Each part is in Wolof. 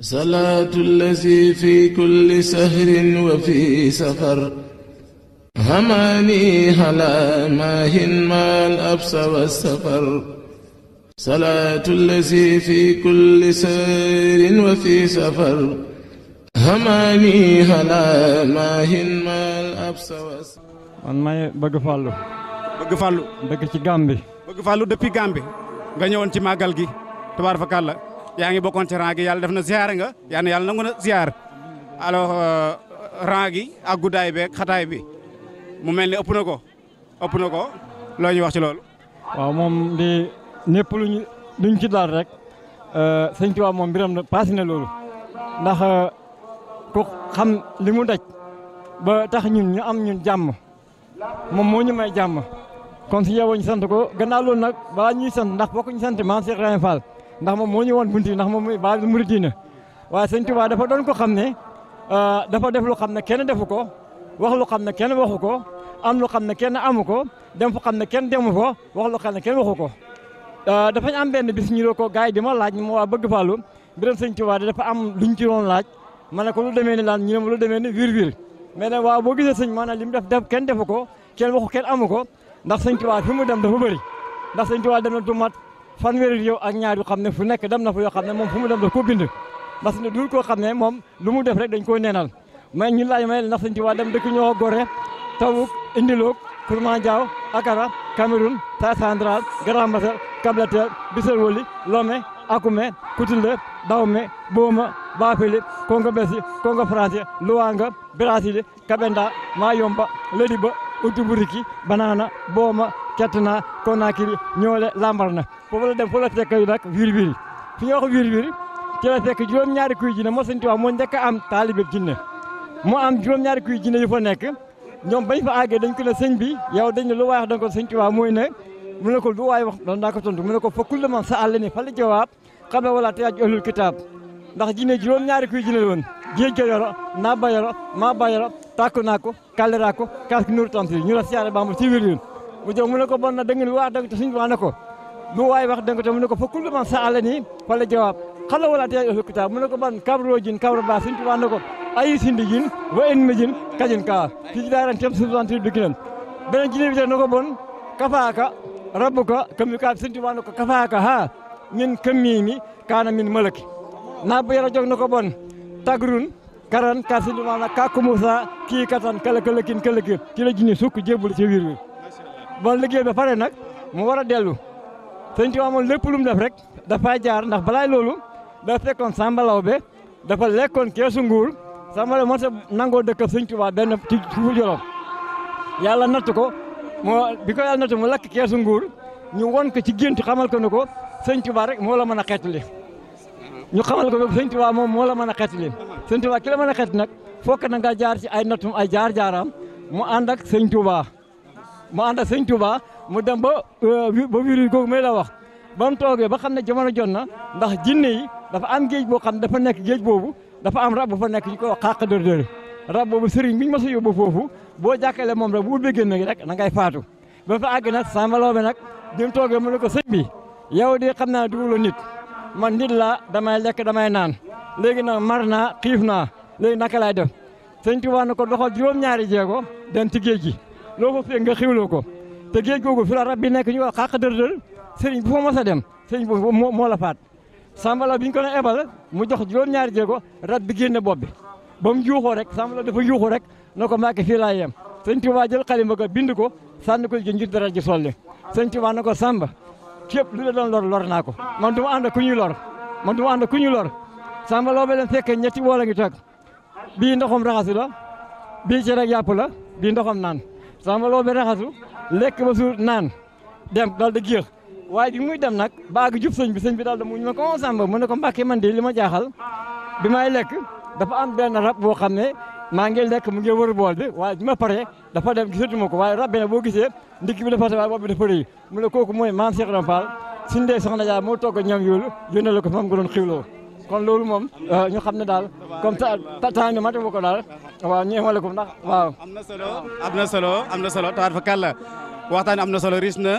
salaatu allazi fi kulli sahrin wa fi safar hamaani hala maahin maal absa wa safar salaatu may bëgg fàllu bëgg fàllu dëkk ci Gàmbi bëgg fàllu depuis Gàmbi nga ñëwoon ci màggal gi tubaar fa kàlla yaa ngi bokkoon ci rang gi yàlla def na ziar nga yal na yàlla nangu na ziar alors euh, gi ak guddaay beeg xataay bi mu mel ni ëpp na ko ëpp na ko loo wax ci lool waaw moom di ñëpp luñ luñ ci daal rek euh, sëñ Tuubaa moom mbiram na paasi na loolu ndax euh, ku xam li mu daj ba tax ñun ñu am ñun jàmm moom moo ñu may jàmm kon si yow ñu sant ko gannaaw loolu nag balaa ñuy sant ndax bokkuñ sant Maam Cheikh Ibrahima Fall. ndax moom moo ñu woon bunti ndax moom ba muridina waaye sëñ Tuubaa dafa doon ko xam ne euh, dafa def lu xam ne kenn defu ko wax lu xam ne kenn waxu ko am lu xam ne kenn amu ko dem fu xam ne kenn demu ko wax lu xam ne kenn waxu ko euh, dafa am benn bis ñu ko gars yi di ma laaj ma waa bëgg faalu mbiram sëñ Tuubaa de dafa am luñ ci doon laaj ma ne ko lu demee ni laan ñu ma lu demee ni wir wir mais nag waaw boo gisee sëñ maanaam li mu def def kenn defu ko kenn waxu kenn amu ko ndax sëñ Tuubaa fi mu dem dafa bëri ndax sëñ Tuubaa dem na du fanweeri yow ak ñaar yu xam ne fu nekk dem na fa yoo xam ne moom fu mu dem daf koo bind parce que dul koo xam ne moom lu mu def rek dañ koy neenal mais ñun laaj may ndax Sëñ Tuubaa dem dëkk ñoo gore tawuk indiloog Kurma Jaaw Akara Cameroun Tay Central Grand Massal Kablater Bisel Woli Lomé Akume Kutule Dawme Boma Bafili Kongo Besi Kongo Francais Luanga Brasili Kabenda Mayomba Lodiba Utuburiki Banana Boma Ketna Conakry ñoole Lambaréné foofu la dem foofu la fekk nag wiir wiir fi ñuy wax wiir wiir ci la juróom-ñaari kuy jinne moo sëñ Tuubaa moo njëkk am taalibe jinne moo am juróom-ñaari kuy jinne yu fa nekk ñoom bañ fa àggee dañ ko ne sëñ bi yow dañ ne lu waay wax ko ko sëñ Tuubaa mooy ne mu ne ko lu waay wax doon daa ko tontu mu ne ko fa kullu man sa'alani fal jawaab xam ne te yaaj ahlul kitaab ndax jinne juróom-ñaari kuy jinne woon géej ba yoro ba yoro tàkku naa ko kàlleraa ko kaas ki nuuru tamsir ñu ci wiir mu jóg mu ne ko bon na da ngeen wax dëgg te ko lu waay wax dëgg te mu ne ko fa kullu man sa'alani fala jawab xala wala te a kitab mu ne ko ban kabro jin kabro ba suñu wax na ko ayi sindi jin wa en mi jin kajin ka fi daaran tem subhanti dukinan beneen jine bi na ko bon ka suñu wax na ko kafaaka min kamimi kana na bu yara jog na ko bon tagrun karan ka suñu wax na ka kumusa kii katan kala kala kin kala kin ci la jini sukk ba liggéey ba pare nag mu war a dellu sëñ Tuubaa moom lépp lu mu def rek dafa jaar ndax balaay loolu dafa fekkoon sàmbalaw be dafa lekkoon keesu nguur Samba Lawbe moo tax nangoo dëkkal sëñ Tuubaa benn ci suufu Jolof yàlla natt ko moo bi ko yàlla natt mu lakk keesu nguur ñu won ko ci gént xamal ko ne ko sëñ Tuubaa rek moo la mën a xeetali ñu xamal ko sëñ Tuubaa moom moo la mën a xeetali sëñ Tuubaa ki la mën a xeet nag fokk na nga jaar ci ay nattum ay jaar-jaaraam mu ànd ak sëñ Tuubaa mu ànd ak sëñ Touba mu dem ba euh, ba virus googu may la wax ba mu toogee ba xam ne jamono jot na ndax jinne yi dafa am géej boo xam ne dafa nekk géej boobu dafa am rab bu fa nekk ñu ko wax xàq dër rab boobu sëriñ bi ñu mos a yóbbu foofu boo jàkkale moom rek bu ubbee génn rek na ngay faatu ba fa àgg nag sàmbaloo bi nag bi mu toogee mu ne ko sëñ bi yow de xam naa dugub la nit man nit laa damay lekk damay naan léegi nag mar naa xiif naa léegi naka laay def sëñ Tuubaa na ko doxal juróom-ñaari jéego dem ci géej gi loo ko feeg nga xiwloo ko te géej googu fi la rab bi nekk ñu wax xàq dër-dër sëriñ bu fa mos a dem sëriñ boobu moo moo la faat sambala bi ñu ko ne ebal mu jox juróom-ñaari jéego rab bi génne bopp bi ba mu juuxoo rek sambala dafa juuxu rek na ko màkke fii laa yem sëñ Tuubaa jël xalima ga bind ko sànni ko ji ngir dara ji solli sëñ Tuubaa na ko samba képp lu la doon lor lor naa ko man du ma ànd ku ñuy lor man du ma ànd ku ñuy lor samba loo ba leen fekkee ñetti woo la ngi toog bii ndoxam raxasi la bii ci yàpp la bii ndoxam naan sama loo be raxasu lekk ba suur naan dem dal da géex waaye bi muy dem nag baagi jub sëñ bi sëñ bi daal da muñ ma ko oh, samba mu ne ko mbàkke man de li ma jaaxal bi may lekk dafa am benn rab boo xam ne maa ngi lekk mu ngi wër bool bi waaye bi ma pare dafa dem gisatuma ko waaye rab bi boo gisee ndikk bi dafa te waaye bopp bi dafa rëy mu ne kooku mooy maam Cheikh Ibra Fall suñ dee soxna Jaara moo togg ñam yoolu yónnee ko fa mu ko doon xiwloo kon loolu moom euh, ñu xam ne daal comme ça temps bi ma ko daal waaw ñeemalekum ndax waaw. am na solo am na solo am na solo tawaat fa kàlla waxtaan am na solo riis na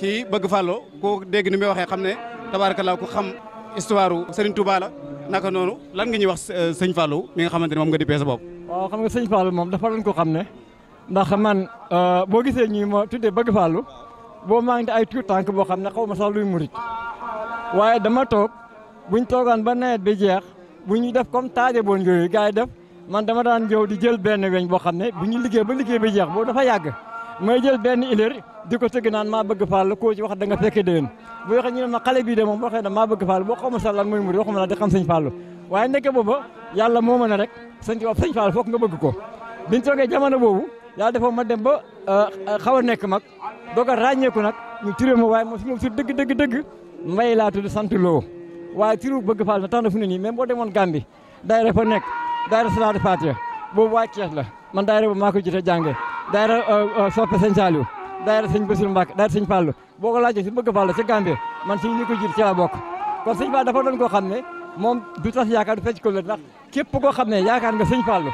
kii bëgg fàllo ku dégg ni muy waxee xam ne tabaarakallaa ku xam histoire Serigne Touba la naka noonu lan nga ñuy wax euh, sëñ Fallou mi nga xamante ne moom nga di peese bopp. waaw xam nga sëñ Fallou moom dafa doon ko xam ne ndax man euh, boo gisee ñuy ma tuddee bëgg Fallou boo maa ngi ay tuut tànk boo xam ne xaw ma sax luy murit waaye dama toog buñ toogaan ba nawet bi jeex bu ñu def comme taaje boon yooyu yi def. man dama daan ñëw di jël benn weñ boo xam ne bu ñu liggéey ba liggéey bi jeex boo dafa yàgg may jël benn ileer di ko tëgg naan maa bëgg faal koo ci wax da nga fekke déwén bu waxee ñu ne ma xale bii de moom waxee na maa bëgg faal boo xawma sa lan mooy mu waxuma la di xam sëñ Fallu waaye ndeke booba yàlla moo mën a rek sëñ ci wax sëñ Fall ko nga bëgg ko biñ toogee jamono boobu yàlla dafa ma dem ba euh, xaw a nekk mag doog a ràññeeku nag ñu turé ma waaye moo su si dëgg dëgg dëgg mbay laa tudd sant loo waaye turu bëgg faal na tax na fu ne nii boo demoon Gàmbi day rek fa nekk daayira Salaatul Faatiha boobu waa Cees la man daayira boobu maa ko jiite jàngee daayira euh, euh, soppe sëñ Saliou daayira sëñ Bassirou Mbacke daayira sëñ Fallou boo ko laajee si bëgg Fallou si Gambie man si ñu ko jiite ci la bokk kon sëñ Fallou dafa doon koo xam ne moom du tas yaakaar fecc ko la ndax képp koo xam ne yaakaar nga sëñ Fallou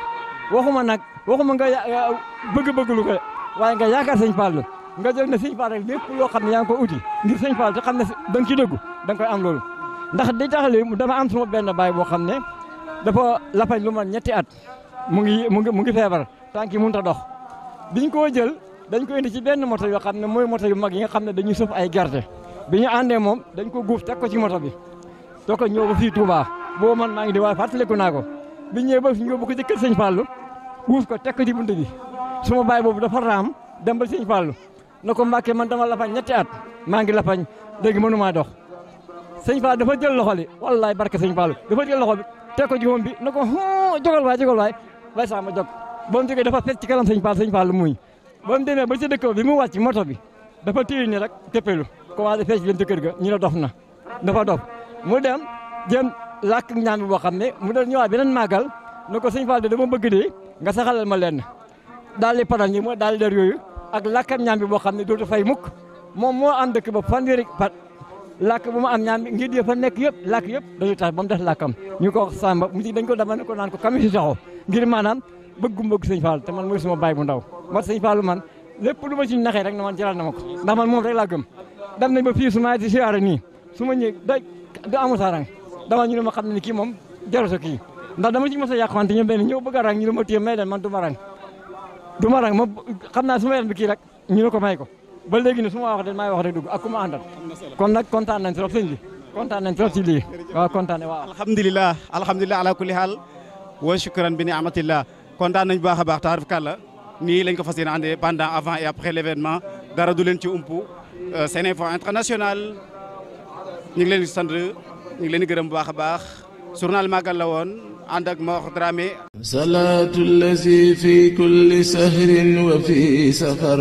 waxuma nag waxuma nga euh, bëgg-bëgg lu ko waaye nga yaakaar sëñ Fallou nga jël ne sëñ Fallou rek lépp loo xam ne yaa ngi ko uti ngir sëñ Fallou te da nga da nga koy am loolu benn baay boo xam ne dafa lapaj lu man ñetti at mu ngi mu ngi mu ngi feebar tànk yi mënut a dox biñ koo jël dañ ko indi ci benn moto yoo xam ne mooy moto yu mag yi nga xam ne dañuy sëf ay gerte bi ñu àndee moom dañ ko guuf teg ko ci moto bi soo ko ñëw ba fii Touba boo man maa ngi di waaye fàttaliku naa ko bi ñëwee ba fu ñëw bu ko ci kër sëñ Fallou guuf ko teg ko ci bunt bi suma baay boobu dafa raam dem ba sëñ Fallou na ko Mbàkke man dama lapañ ñetti at maa ngi lapañ léegi mënumaa dox sëñ Fallou dafa jël loxo li wallaay barke sëñ Fallou dafa jël bi teg ko juróom bi na ko jógal waay jógal waay waay saa ma jóg ba mu jógee dafa fekk ci kanam sëñ Fall sëñ Fall muy ba mu demee ba ci dëkk bi mu wàcc moto bi dafa téye ni rek tëppelu commencé fecc leen ci kër ga ñu la dof na dafa dof mu dem jëm làkk ñaan bi boo xam ne mu doon ñëwaat beneen màggal na ko sëñ Fall de dama bëgg de nga saxalal ma lenn daal di panal ñi mooy daal di der yooyu ak làkkam ñaan bi boo xam ne dootu fay mukk moom moo am dëkk ba fanweeri pat làkk bu mu am ñaar ngir yëpp nekk yëpp làkk yëpp dañuy tax ba mu des làkkam ñu ko wax Samba mu ci dañ ko dama ne ko naan ko kam si taxaw ngir maanaam bëggum bëgg sëñ Fall te man mooy suma baay bu ndaw mat sëñ Fallu man lépp lu ma ci naxee rek na man jaral na ma ko ndax man moom rek laa gëm dem nañ ba fii su ma ci siyaare nii su ma ñëw da da saa rang dama ñu ne ma xam ne kii moom jaruta kii ndax dama ci mos a yàqante ñoom benn ñëw bëgg a rang ñu ne ma téye may den man du ma xam naa su ma yaram kii rek ñu ne ko may ko ba léegi ni su ma wax de maay wax rek ak ku ma kon nag kontaan nañ trop sëñ bi kontaan nañ trop si lii waaw kontaan waaw alhamdulilah alhamdulilah ala kulli haal wa shukran bi ni'matillah kontaan nañ baax a baax taarif kàlla nii lañ ko fas yéene àndee pendant avant et après l'événement dara du leen ci umpu euh, Seneinfo International ñu ngi leen di sant ñu ngi leen gërëm bu baax a baax journal Magal la woon ànd ak Mor Dramé salaatu lazi fi kulli sahrin wa fi safar